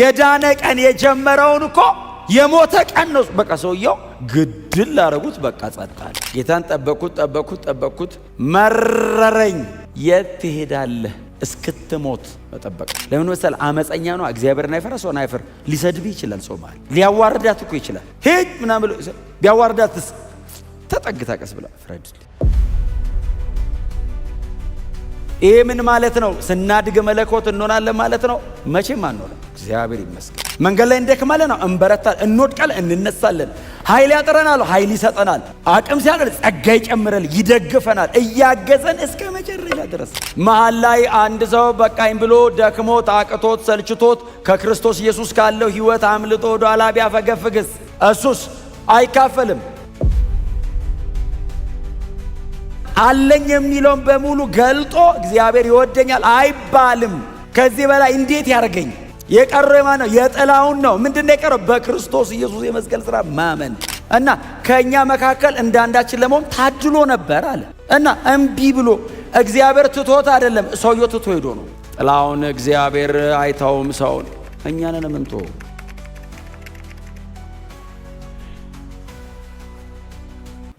የዳነ ቀን የጀመረውን እኮ የሞተ ቀን ነው። በቃ ሰውየው ግድል ላረጉት። በቃ ጸጣል። ጌታን ጠበቅኩት፣ ጠበቅኩት፣ ጠበቅኩት፣ መረረኝ። የት ትሄዳለህ? እስክትሞት መጠበቅ ለምን መሰል? አመፀኛ ነው። እግዚአብሔር አይፈራ፣ ሰው ናይፈር ሊሰድብ ይችላል። ሰው ማል ሊያዋርዳት እኮ ይችላል። ሂድ ምናምን ብሎ ቢያዋርዳትስ ተጠግታ ቀስ ብላ ፍረድልኝ ይሄ ምን ማለት ነው? ስናድግ መለኮት እንሆናለን ማለት ነው? መቼም አንሆንም። እግዚአብሔር ይመስገን። መንገድ ላይ እንደክማለን፣ እንበረታል፣ እንወድቃል፣ እንነሳለን። ኃይል ያጥረናል፣ ኃይል ይሰጠናል። አቅም ሲያጥር ጸጋ ይጨምረል፣ ይደግፈናል፣ እያገዘን እስከ መጨረሻ ድረስ። መሀል ላይ አንድ ሰው በቃኝ ብሎ ደክሞት፣ አቅቶት፣ ሰልችቶት ከክርስቶስ ኢየሱስ ካለው ሕይወት አምልጦ ወደ ኋላ ቢያፈገፍግስ እሱስ አይካፈልም። አለኝ የሚለውን በሙሉ ገልጦ እግዚአብሔር ይወደኛል አይባልም። ከዚህ በላይ እንዴት ያደርገኝ? የቀረው የማን ነው? የጥላውን ነው። ምንድን ነው የቀረው? በክርስቶስ ኢየሱስ የመስቀል ሥራ ማመን እና ከእኛ መካከል እንዳንዳችን ለመሆን ታድሎ ነበር አለ እና እምቢ ብሎ እግዚአብሔር ትቶት አይደለም፣ ሰውየው ትቶ ሄዶ ነው። ጥላውን እግዚአብሔር አይተውም ሰውን፣ እኛንን ምንቶ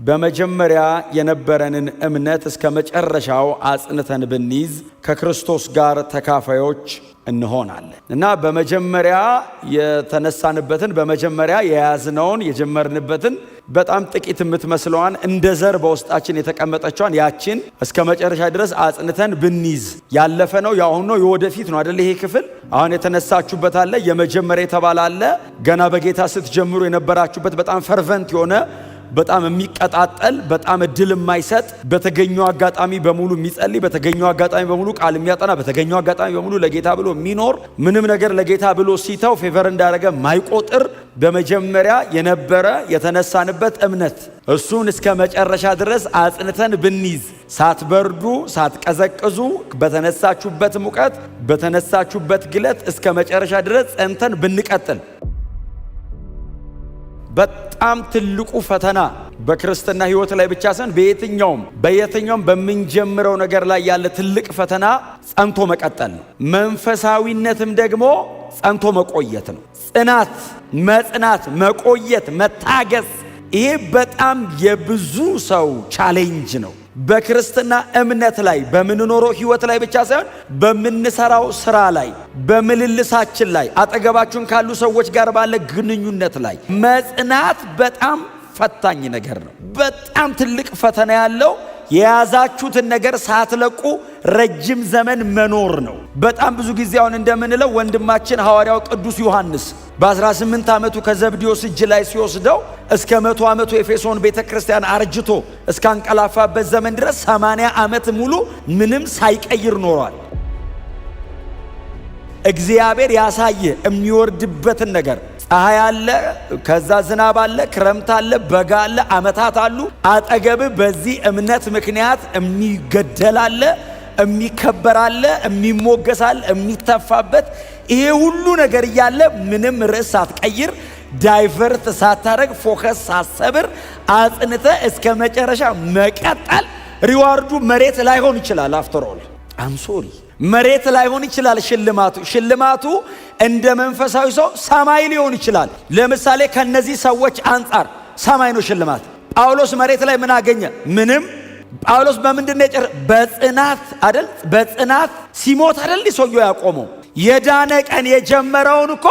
በመጀመሪያ የነበረንን እምነት እስከ መጨረሻው አጽንተን ብንይዝ ከክርስቶስ ጋር ተካፋዮች እንሆናለን እና በመጀመሪያ የተነሳንበትን በመጀመሪያ የያዝነውን የጀመርንበትን በጣም ጥቂት የምትመስለዋን እንደ ዘር በውስጣችን የተቀመጠችዋን ያችን እስከ መጨረሻ ድረስ አጽንተን ብንይዝ ያለፈ ነው፣ የአሁን ነው፣ የወደፊት ነው አደለ? ይሄ ክፍል አሁን የተነሳችሁበት አለ፣ የመጀመሪያ የተባለ አለ፣ ገና በጌታ ስትጀምሩ የነበራችሁበት በጣም ፈርቨንት የሆነ በጣም የሚቀጣጠል በጣም እድል የማይሰጥ በተገኘው አጋጣሚ በሙሉ የሚጸልይ በተገኘው አጋጣሚ በሙሉ ቃል የሚያጠና በተገኘው አጋጣሚ በሙሉ ለጌታ ብሎ የሚኖር ምንም ነገር ለጌታ ብሎ ሲተው ፌቨር እንዳደረገ ማይቆጥር በመጀመሪያ የነበረ የተነሳንበት እምነት እሱን እስከ መጨረሻ ድረስ አጽንተን ብንይዝ ሳትበርዱ ሳትቀዘቅዙ በተነሳችሁበት ሙቀት በተነሳችሁበት ግለት እስከ መጨረሻ ድረስ ጸንተን ብንቀጥል በጣም ትልቁ ፈተና በክርስትና ህይወት ላይ ብቻ ሳይሆን በየትኛውም በየትኛውም በምንጀምረው ነገር ላይ ያለ ትልቅ ፈተና ጸንቶ መቀጠል ነው። መንፈሳዊነትም ደግሞ ጸንቶ መቆየት ነው። ጽናት፣ መጽናት፣ መቆየት፣ መታገስ ይሄ በጣም የብዙ ሰው ቻሌንጅ ነው። በክርስትና እምነት ላይ በምንኖረው ህይወት ላይ ብቻ ሳይሆን በምንሰራው ስራ ላይ፣ በምልልሳችን ላይ፣ አጠገባችሁን ካሉ ሰዎች ጋር ባለ ግንኙነት ላይ መጽናት በጣም ፈታኝ ነገር ነው። በጣም ትልቅ ፈተና ያለው የያዛችሁትን ነገር ሳትለቁ ረጅም ዘመን መኖር ነው። በጣም ብዙ ጊዜ አሁን እንደምንለው ወንድማችን ሐዋርያው ቅዱስ ዮሐንስ በ18 ዓመቱ ከዘብዴዎስ እጅ ላይ ሲወስደው እስከ መቶ ዓመቱ ኤፌሶን ቤተ ክርስቲያን አርጅቶ እስካንቀላፋበት ዘመን ድረስ 80 ዓመት ሙሉ ምንም ሳይቀይር ኖሯል። እግዚአብሔር ያሳየ የሚወርድበትን ነገር ፀሐይ አለ፣ ከዛ ዝናብ አለ፣ ክረምት አለ፣ በጋ አለ፣ አመታት አሉ። አጠገብ በዚህ እምነት ምክንያት የሚገደላለ፣ የሚከበራለ፣ የሚሞገሳል፣ የሚተፋበት ይሄ ሁሉ ነገር እያለ ምንም ርዕስ ሳትቀይር ዳይቨርት ሳታደረግ ፎከስ ሳትሰብር አጽንተ እስከ መጨረሻ መቀጠል ሪዋርዱ መሬት ላይሆን ይችላል። አፍተር ኦል መሬት ላይሆን ይችላል። ሽልማቱ ሽልማቱ እንደ መንፈሳዊ ሰው ሰማይ ሊሆን ይችላል። ለምሳሌ ከነዚህ ሰዎች አንጻር ሰማይ ነው ሽልማት። ጳውሎስ መሬት ላይ ምን አገኘ? ምንም። ጳውሎስ በምንድን ነው በጽናት አደል በጽናት ሲሞት አደል ሰውየው ያቆመው የዳነ ቀን የጀመረውን እኮ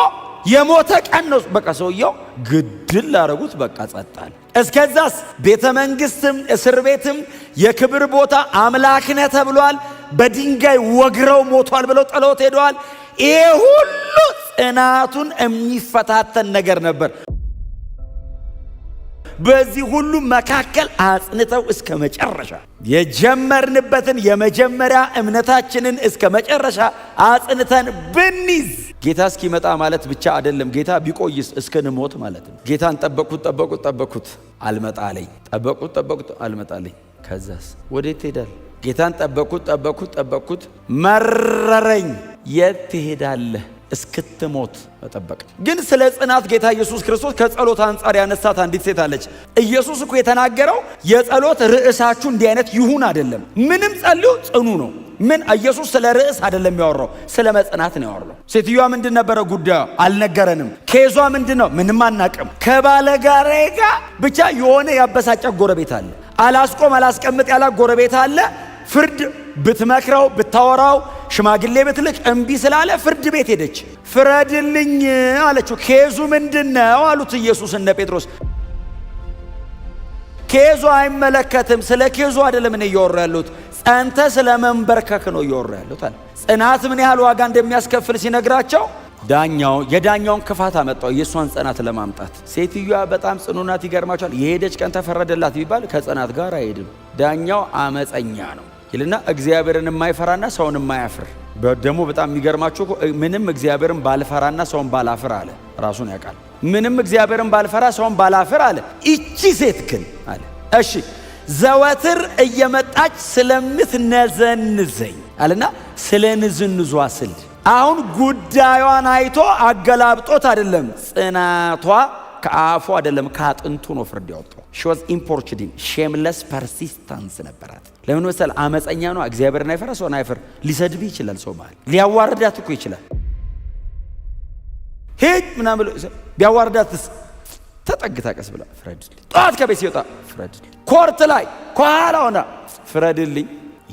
የሞተ ቀን ነው። በቃ ሰውየው ግድል ላረጉት፣ በቃ ጸጣል። እስከዛስ ቤተ መንግስትም እስር ቤትም የክብር ቦታ አምላክነ ተብሏል። በድንጋይ ወግረው ሞቷል ብለው ጥለውት ሄደዋል። ይሄ ሁሉ ጽናቱን የሚፈታተን ነገር ነበር። በዚህ ሁሉ መካከል አጽንተው እስከ መጨረሻ የጀመርንበትን የመጀመሪያ እምነታችንን እስከ መጨረሻ አጽንተን ብንይዝ ጌታ እስኪመጣ ማለት ብቻ አይደለም። ጌታ ቢቆይስ እስክንሞት ማለት ነው። ጌታን ጠበቅኩት ጠበቁት ጠበቅኩት አልመጣለኝ፣ ጠበቁት ጠበቁት አልመጣለኝ። ከዛስ ወዴት ትሄዳል? ጌታን ጠበቅኩት ጠበቅኩት ጠበቅኩት፣ መረረኝ። የት ትሄዳለህ? እስክትሞት መጠበቅ ግን ስለ ጽናት ጌታ ኢየሱስ ክርስቶስ ከጸሎት አንጻር ያነሳት አንዲት ሴት አለች። ኢየሱስ እኮ የተናገረው የጸሎት ርዕሳችሁ እንዲህ አይነት ይሁን አይደለም። ምንም ጸልዩ ጽኑ ነው። ምን ኢየሱስ ስለ ርዕስ አይደለም ያወራው፣ ስለ መጽናት ነው ያወራው። ሴትዮዋ ምንድን ነበረ ጉዳዩ? አልነገረንም። ኬዟ ምንድን ነው? ምንም አናቅም። ከባለጋራዬ ጋር ብቻ የሆነ ያበሳጫ ጎረቤት አለ አላስቆም አላስቀምጥ ያለ ጎረቤት አለ። ፍርድ ብትመክረው ብታወራው ሽማግሌ ብትልክ እምቢ ስላለ ፍርድ ቤት ሄደች። ፍረድልኝ አለችው። ኬዙ ምንድን ነው አሉት ኢየሱስ እነ ጴጥሮስ። ኬዙ አይመለከትም። ስለ ኬዙ አይደለም እኔ እያወራ ያለሁት፣ ጸንተ ስለ መንበርከክ ነው እያወራ ያለሁት አለ። ጽናት ምን ያህል ዋጋ እንደሚያስከፍል ሲነግራቸው ዳኛው የዳኛውን ክፋት አመጣው የእሷን ጽናት ለማምጣት። ሴትዮዋ በጣም ጽኑናት ይገርማቸዋል። የሄደች ቀን ተፈረደላት ቢባል ከጽናት ጋር አይሄድም። ዳኛው አመፀኛ ነው ይልና እግዚአብሔርን የማይፈራና ሰውን የማያፍር ደግሞ በጣም የሚገርማችሁ ምንም እግዚአብሔርን ባልፈራና ሰውን ባላፍር አለ። ራሱን ያውቃል። ምንም እግዚአብሔርን ባልፈራ ሰውን ባላፍር አለ። ይቺ ሴት ግን አለ እሺ ዘወትር እየመጣች ስለምትነዘንዘኝ አለና ስለ ንዝንዟ ስል አሁን ጉዳዩን አይቶ አገላብጦት አይደለም፣ ጽናቷ ከአፉ አይደለም ከአጥንቱ ነው ፍርድ ያወጣው። ሺ ዋዝ ኢምፖርችዲን ሼምለስ ፐርሲስታንስ ነበራት። ለምን መሰል አመፀኛ ነው፣ እግዚአብሔርን አይፈራ፣ ሰውን አይፈር። ሊሰድብ ይችላል፣ ሰው መሃል ሊያዋርዳት እኮ ይችላል። ሄጅ ምናም ብሎ ቢያዋርዳትስ ተጠግታ ቀስ ብላ ፍረድልኝ፣ ጠዋት ከቤት ሲወጣ ፍረድልኝ፣ ኮርት ላይ ከኋላ ሆና ፍረድልኝ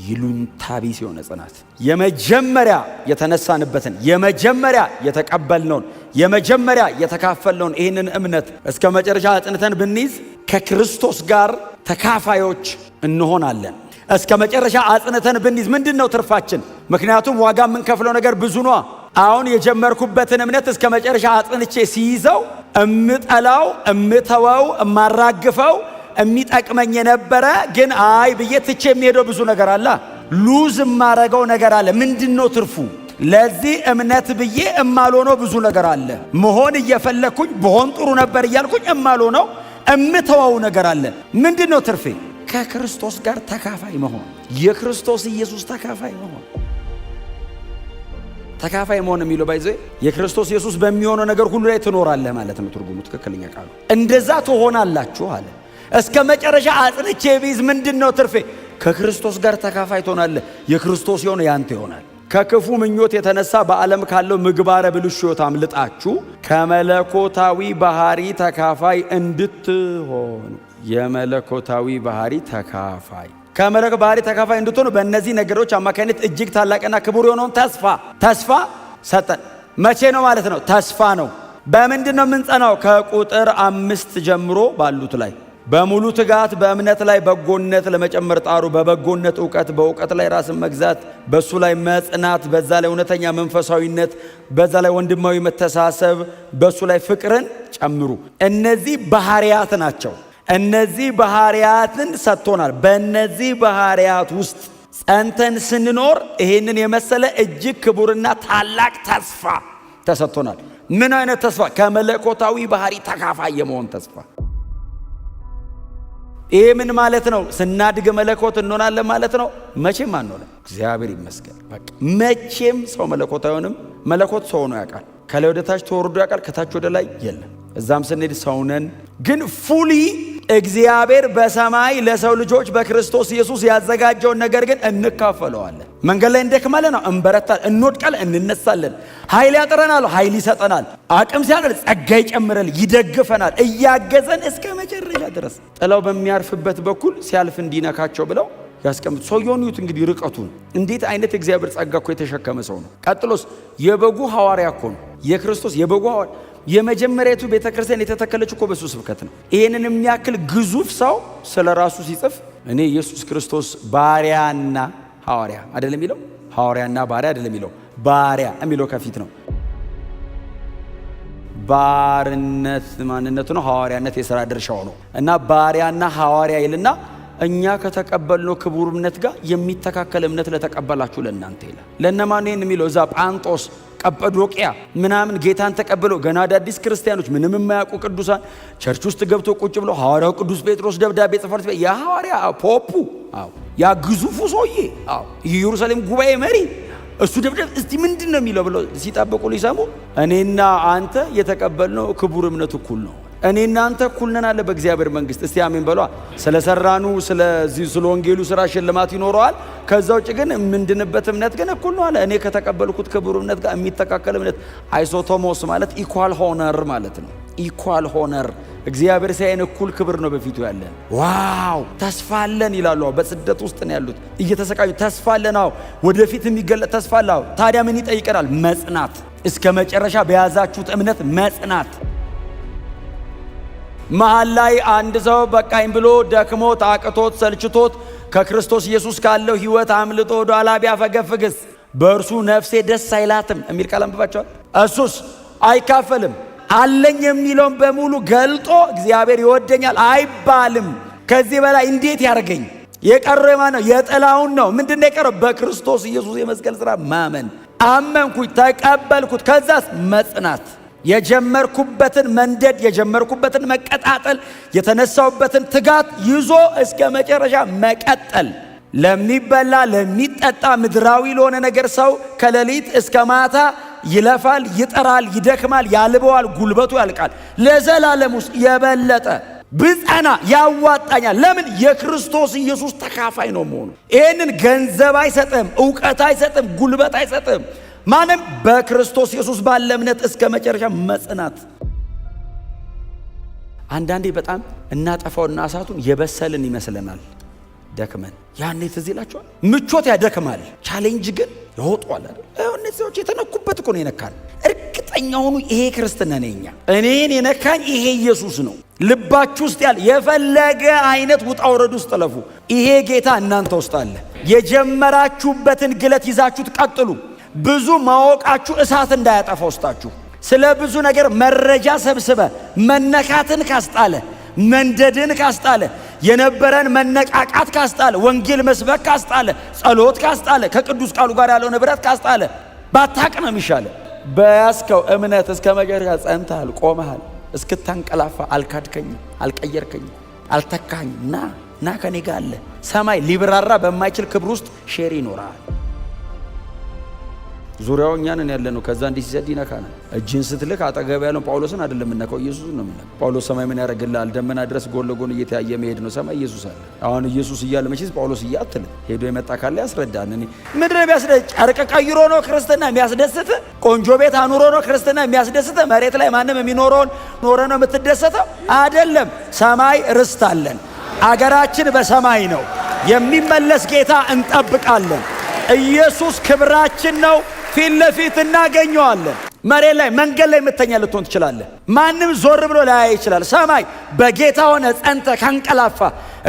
ይሉንታ ቢስ የሆነ ጽናት የመጀመሪያ የተነሳንበትን የመጀመሪያ የተቀበልነውን የመጀመሪያ የተካፈልነውን ይህንን እምነት እስከ መጨረሻ አጽንተን ብንይዝ ከክርስቶስ ጋር ተካፋዮች እንሆናለን። እስከ መጨረሻ አጽንተን ብንይዝ ምንድን ነው ትርፋችን? ምክንያቱም ዋጋ የምንከፍለው ነገር ብዙ ኗ። አሁን የጀመርኩበትን እምነት እስከ መጨረሻ አጽንቼ ሲይዘው እምጠላው፣ እምተወው፣ እማራግፈው የሚጠቅመኝ የነበረ ግን አይ ብዬ ትቼ የሚሄደው ብዙ ነገር አለ። ሉዝ የማረገው ነገር አለ። ምንድን ነው ትርፉ? ለዚህ እምነት ብዬ እማልሆነው ብዙ ነገር አለ። መሆን እየፈለግኩኝ በሆን ጥሩ ነበር እያልኩኝ እማልሆነው እምተዋው ነገር አለ። ምንድን ነው ትርፌ? ከክርስቶስ ጋር ተካፋይ መሆን፣ የክርስቶስ ኢየሱስ ተካፋይ መሆን። ተካፋይ መሆን የሚለው ባይዘ የክርስቶስ ኢየሱስ በሚሆነው ነገር ሁሉ ላይ ትኖራለህ ማለት ነው ትርጉሙ፣ ትክክለኛ ቃሉ። እንደዛ ትሆናላችሁ አለ። እስከ መጨረሻ አጥንቼ ቢዝ ምንድን ነው ትርፌ? ከክርስቶስ ጋር ተካፋይ ትሆናለህ። የክርስቶስ የሆነ ያንተ ይሆናል። ከክፉ ምኞት የተነሳ በዓለም ካለው ምግባረ ብልሹ ሕይወት አምልጣችሁ ከመለኮታዊ ባህሪ ተካፋይ እንድትሆኑ የመለኮታዊ ባህሪ ተካፋይ ከመለኮ ባህሪ ተካፋይ እንድትሆኑ በእነዚህ ነገሮች አማካኝነት እጅግ ታላቅና ክቡር የሆነውን ተስፋ ተስፋ ሰጠን። መቼ ነው ማለት ነው? ተስፋ ነው። በምንድን ነው የምንጸናው? ከቁጥር አምስት ጀምሮ ባሉት ላይ በሙሉ ትጋት በእምነት ላይ በጎነት ለመጨመር ጣሩ። በበጎነት እውቀት፣ በእውቀት ላይ ራስን መግዛት፣ በእሱ ላይ መጽናት፣ በዛ ላይ እውነተኛ መንፈሳዊነት፣ በዛ ላይ ወንድማዊ መተሳሰብ፣ በእሱ ላይ ፍቅርን ጨምሩ። እነዚህ ባህሪያት ናቸው። እነዚህ ባህሪያትን ሰጥቶናል። በእነዚህ ባህሪያት ውስጥ ጸንተን ስንኖር ይህንን የመሰለ እጅግ ክቡርና ታላቅ ተስፋ ተሰጥቶናል። ምን አይነት ተስፋ? ከመለኮታዊ ባህሪ ተካፋይ የመሆን ተስፋ ይሄ ምን ማለት ነው? ስናድግ መለኮት እንሆናለን ማለት ነው? መቼም አንሆንም። እግዚአብሔር ይመስገን። መቼም ሰው መለኮት አይሆንም። መለኮት ሰው ነው ያውቃል። ከላይ ወደ ታች ተወርዶ ያውቃል። ከታች ወደ ላይ የለም። እዛም ስንሄድ ሰውነን ግን ፉሊ እግዚአብሔር በሰማይ ለሰው ልጆች በክርስቶስ ኢየሱስ ያዘጋጀውን ነገር ግን እንካፈለዋለን። መንገድ ላይ እንደክማለን፣ እንበረታል፣ እንወድቃል፣ እንነሳለን። ኃይል ያጥረናል፣ ኃይል ይሰጠናል። አቅም ሲያንል ጸጋ ይጨምረል፣ ይደግፈናል፣ እያገዘን እስከ ድረስ ጥለው በሚያርፍበት በኩል ሲያልፍ እንዲነካቸው ብለው ያስቀምጡ። ሰውየውን እዩት እንግዲህ ርቀቱን፣ እንዴት አይነት እግዚአብሔር ጸጋ እኮ የተሸከመ ሰው ነው። ቀጥሎስ የበጉ ሐዋርያ እኮ ነው። የክርስቶስ የበጉ ሐዋርያ የመጀመሪያቱ ቤተ ክርስቲያን የተተከለች እኮ በሱ ስብከት ነው። ይህንን የሚያክል ግዙፍ ሰው ስለ ራሱ ሲጽፍ እኔ ኢየሱስ ክርስቶስ ባሪያና ሐዋርያ አይደለም የሚለው ሐዋርያና ባሪያ አደለም የሚለው ባሪያ የሚለው ከፊት ነው ባርነት ማንነቱ ነው። ሐዋርያነት የሥራ ድርሻው ነው እና ባሪያና ሐዋርያ ይልና እኛ ከተቀበልነው ክቡር እምነት ጋር የሚተካከል እምነት ለተቀበላችሁ ለእናንተ ይላል። ለእነማን ይህን የሚለው? እዛ ጳንጦስ ቀጰዶቅያ ምናምን ጌታን ተቀብለው ገና አዳዲስ ክርስቲያኖች ምንም የማያውቁ ቅዱሳን ቸርች ውስጥ ገብቶ ቁጭ ብሎ ሐዋርያው ቅዱስ ጴጥሮስ ደብዳቤ ጽፈርት ሐዋርያ ፖፑ ያ ግዙፉ ሰውዬ የኢየሩሳሌም ጉባኤ መሪ እሱ ደብደብ እስቲ ምንድን ነው የሚለው ብለው ሲጠብቁ ሊሰሙ እኔና አንተ የተቀበልነው ክቡር እምነት እኩል ነው። እኔና አንተ እኩል ነን አለ በእግዚአብሔር መንግስት። እስቲ አሜን በሏ። ስለ ሰራኑ ስለ ወንጌሉ ስራ ሽልማት ይኖረዋል። ከዛ ውጭ ግን የምንድንበት እምነት ግን እኩል ነው አለ። እኔ ከተቀበልኩት ክቡር እምነት ጋር የሚተካከል እምነት አይሶቶሞስ ማለት ኢኳል ሆነር ማለት ነው። ኢኳል ሆነር እግዚአብሔር ሲያይን እኩል ክብር ነው በፊቱ ያለን። ዋው ተስፋለን ይላሉ። በስደት ውስጥ ነው ያሉት እየተሰቃዩ ተስፋለን። አዎ ወደፊት የሚገለጥ ተስፋለ። አዎ ታዲያ ምን ይጠይቀናል? መጽናት፣ እስከ መጨረሻ በያዛችሁት እምነት መጽናት። መሀል ላይ አንድ ሰው በቃኝ ብሎ ደክሞት አቅቶት ሰልችቶት ከክርስቶስ ኢየሱስ ካለው ሕይወት አምልጦ ወደኋላ ቢያፈገፍግስ በእርሱ ነፍሴ ደስ አይላትም የሚል ቃል አንብባቸዋል። እሱስ አይካፈልም አለኝ የሚለውን በሙሉ ገልጦ እግዚአብሔር ይወደኛል አይባልም። ከዚህ በላይ እንዴት ያደርገኝ? የቀረ ነው? የጥላውን ነው። ምንድን የቀረው? በክርስቶስ ኢየሱስ የመስቀል ሥራ ማመን። አመንኩኝ፣ ተቀበልኩት። ከዛስ መጽናት የጀመርኩበትን መንደድ የጀመርኩበትን መቀጣጠል የተነሳውበትን ትጋት ይዞ እስከ መጨረሻ መቀጠል። ለሚበላ ለሚጠጣ ምድራዊ ለሆነ ነገር ሰው ከሌሊት እስከ ማታ ይለፋል፣ ይጠራል፣ ይደክማል፣ ያልበዋል፣ ጉልበቱ ያልቃል። ለዘላለም ውስጥ የበለጠ ብጸና ያዋጣኛል። ለምን? የክርስቶስ ኢየሱስ ተካፋይ ነው መሆኑ። ይህንን ገንዘብ አይሰጥም፣ እውቀት አይሰጥም፣ ጉልበት አይሰጥም። ማንም በክርስቶስ ኢየሱስ ባለ እምነት እስከ መጨረሻ መጽናት። አንዳንዴ በጣም እናጠፋውና እሳቱን የበሰልን ይመስለናል። ደክመን ያኔ ትዝ ይላችኋል። ምቾት ያደክማል፣ ቻሌንጅ ግን ይወጧል። እነዚህ ሰዎች የተነኩበት እኮ ነው የነካን። እርግጠኛ ሆኑ፣ ይሄ ክርስትና ነኛ። እኔን የነካኝ ይሄ ኢየሱስ ነው። ልባችሁ ውስጥ ያለ የፈለገ አይነት ውጣ ውረድ ውስጥ ለፉ፣ ይሄ ጌታ እናንተ ውስጥ አለ። የጀመራችሁበትን ግለት ይዛችሁ ትቀጥሉ። ብዙ ማወቃችሁ እሳት እንዳያጠፋ ውስጣችሁ። ስለ ብዙ ነገር መረጃ ሰብስበ መነካትን ካስጣለ መንደድን ካስጣለ የነበረን መነቃቃት ካስጣለ፣ ወንጌል መስበክ ካስጣለ፣ ጸሎት ካስጣለ፣ ከቅዱስ ቃሉ ጋር ያለው ንብረት ካስጣለ፣ ባታቅ ነው የሚሻለ። በያዝከው እምነት እስከ መጨረሻ ጸንተሃል፣ ቆመሃል። እስክታንቀላፋ አልካድከኝ፣ አልቀየርከኝ፣ አልተካኝ። ና ና ከኔ ጋር አለ። ሰማይ ሊብራራ በማይችል ክብር ውስጥ ሼር ይኖራል። ዙሪያው እኛንን ያለ ነው። ከዛ እንዲህ ሲሰድ ይነካናል። እጅን ስትልክ አጠገብ ያለው ጳውሎስን አይደለም የምነካው ኢየሱስን ነው የምነካው። ጳውሎስ ሰማይ ምን ያደርግልሃል? ደመና ድረስ ጎን ለጎን እየተያየ መሄድ ነው። ሰማይ ኢየሱስ አለ። አሁን ኢየሱስ እያለ መቼስ ጳውሎስ እያ አትልም። ሄዶ የመጣ ካለ ያስረዳን። ምድር ምንድን ነው የሚያስደስት? ጨርቅ ቀይሮ ነው ክርስትና የሚያስደስት? ቆንጆ ቤት አኑሮ ነው ክርስትና የሚያስደስት? መሬት ላይ ማንም የሚኖረውን ኖረ ነው የምትደሰተው? አይደለም። ሰማይ ርስት አለን። አገራችን በሰማይ ነው። የሚመለስ ጌታ እንጠብቃለን። ኢየሱስ ክብራችን ነው። ፊት ለፊት እናገኘዋለን። መሬት ላይ መንገድ ላይ የምተኛ ልትሆን ትችላለህ። ማንም ዞር ብሎ ላያይ ይችላል። ሰማይ በጌታ ሆነ ጸንተ ካንቀላፋ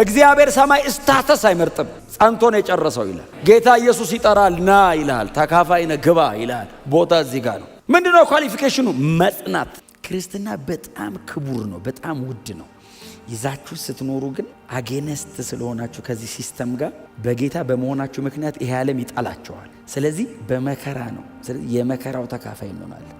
እግዚአብሔር ሰማይ እስታተስ አይመርጥም፣ ጸንቶ ነው የጨረሰው ይላል። ጌታ ኢየሱስ ይጠራል፣ ና ይልሃል፣ ተካፋይ ነህ ግባ ይልሃል። ቦታ እዚህ ጋር ነው። ምንድነው ኳሊፊኬሽኑ? መጽናት። ክርስትና በጣም ክቡር ነው፣ በጣም ውድ ነው። ይዛችሁ ስትኖሩ ግን አጌነስት ስለሆናችሁ ከዚህ ሲስተም ጋር በጌታ በመሆናችሁ ምክንያት ይሄ ዓለም ይጠላቸዋል። ስለዚህ በመከራ ነው። ስለዚህ የመከራው ተካፋይ እንሆናለን።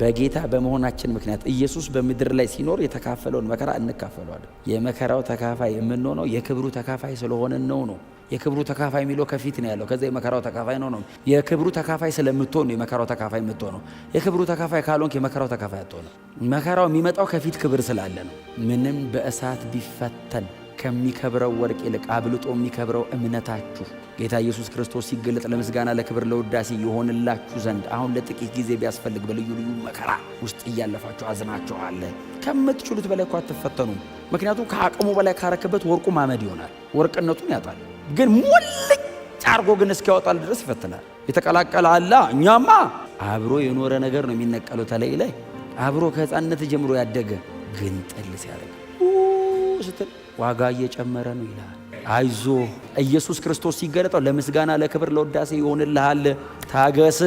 በጌታ በመሆናችን ምክንያት ኢየሱስ በምድር ላይ ሲኖር የተካፈለውን መከራ እንካፈለዋለን። የመከራው ተካፋይ የምንሆነው የክብሩ ተካፋይ ስለሆነን ነው ነው የክብሩ ተካፋይ የሚለው ከፊት ነው ያለው። ከዚ የመከራው ተካፋይ ነው ነው። የክብሩ ተካፋይ ስለምትሆን ነው የመከራው ተካፋይ የምትሆነው። የክብሩ ተካፋይ ካልሆንክ የመከራው ተካፋይ አትሆንም። መከራው የሚመጣው ከፊት ክብር ስላለ ነው። ምንም በእሳት ቢፈተን ከሚከብረው ወርቅ ይልቅ አብልጦ የሚከብረው እምነታችሁ ጌታ ኢየሱስ ክርስቶስ ሲገለጥ ለምስጋና ለክብር ለውዳሴ የሆንላችሁ ዘንድ አሁን ለጥቂት ጊዜ ቢያስፈልግ በልዩ ልዩ መከራ ውስጥ እያለፋችሁ አዝናችኋለ። ከምትችሉት በላይ እኮ አትፈተኑም። ምክንያቱም ከአቅሙ በላይ ካረክበት ወርቁ ማመድ ይሆናል፣ ወርቅነቱን ያጣል። ግን ሞልጭ አርጎ ግን እስኪያወጣል ድረስ ይፈትናል። የተቀላቀለ አላ እኛማ አብሮ የኖረ ነገር ነው የሚነቀለው። ተለይ ላይ አብሮ ከህፃንነት ጀምሮ ያደገ ግን ጥል ሲያደርግ ስትል ዋጋ እየጨመረ ነው ይላል። አይዞ ኢየሱስ ክርስቶስ ሲገለጠው ለምስጋና ለክብር ለወዳሴ ይሆንልሃል። ታገስ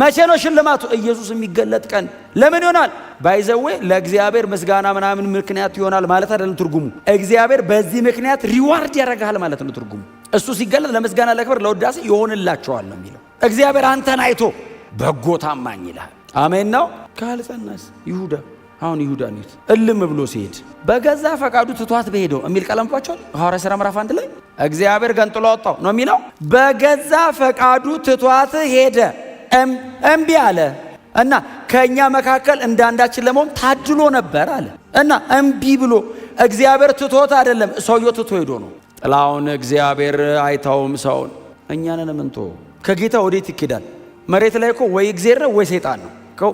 መቼ ነው ሽልማቱ? ኢየሱስ የሚገለጥ ቀን። ለምን ይሆናል? ባይዘዌ ለእግዚአብሔር ምስጋና ምናምን ምክንያት ይሆናል ማለት አይደለም ትርጉሙ። እግዚአብሔር በዚህ ምክንያት ሪዋርድ ያደርግሃል ማለት ነው ትርጉሙ። እሱ ሲገለጥ ለምስጋና ለክብር፣ ለውዳሴ ይሆንላቸዋል ነው የሚለው። እግዚአብሔር አንተን አይቶ በጎ ታማኝ ይልሃል። አሜን ነው። ካልጸናስ ይሁዳ አሁን ይሁዳ ኒት እልም ብሎ ሲሄድ በገዛ ፈቃዱ ትቷት በሄደው የሚል ቃል አንብባችኋል። ሐዋርያ ሥራ ምዕራፍ አንድ ላይ እግዚአብሔር ገንጥሎ አወጣው ነው የሚለው። በገዛ ፈቃዱ ትቷት ሄደ እምቢ አለ እና ከእኛ መካከል እንዳንዳችን ለመሆን ታድሎ ነበር አለ እና እምቢ ብሎ እግዚአብሔር ትቶት አይደለም፣ ሰውየ ትቶ ሄዶ ነው። ጥላውን እግዚአብሔር አይታውም ሰውን። እኛንን ምንቶ ከጌታ ወዴት ይኬዳል? መሬት ላይ እኮ ወይ እግዚአብሔር ነው ወይ ሰይጣን ነው።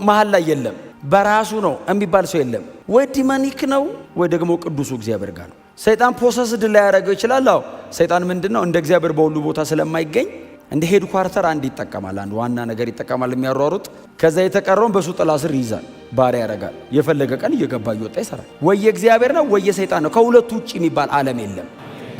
መሀል ላይ የለም። በራሱ ነው የሚባል ሰው የለም። ወይ ዲመኒክ ነው ወይ ደግሞ ቅዱሱ እግዚአብሔር ጋር ነው። ሰይጣን ፖሰስድ ላይ ያደረገው ይችላል። አዎ ሰይጣን ምንድን ነው እንደ እግዚአብሔር በሁሉ ቦታ ስለማይገኝ እንደ ሄድ ኳርተር አንድ ይጠቀማል፣ አንድ ዋና ነገር ይጠቀማል የሚያሯሩጥ። ከዛ የተቀረውን በሱ ጥላ ስር ይይዛል፣ ባሪያ ያደርጋል። የፈለገ ቀን እየገባ እየወጣ ይሰራል። ወይ እግዚአብሔር ነው ወይ ሰይጣን ነው። ከሁለቱ ውጭ የሚባል ዓለም የለም።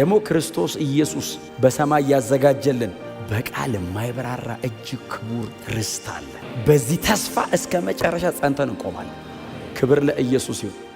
ደግሞ ክርስቶስ ኢየሱስ በሰማይ ያዘጋጀልን በቃል የማይበራራ እጅግ ክቡር ርስት አለ። በዚህ ተስፋ እስከ መጨረሻ ጸንተን እንቆማለን። ክብር ለኢየሱስ ይሁን።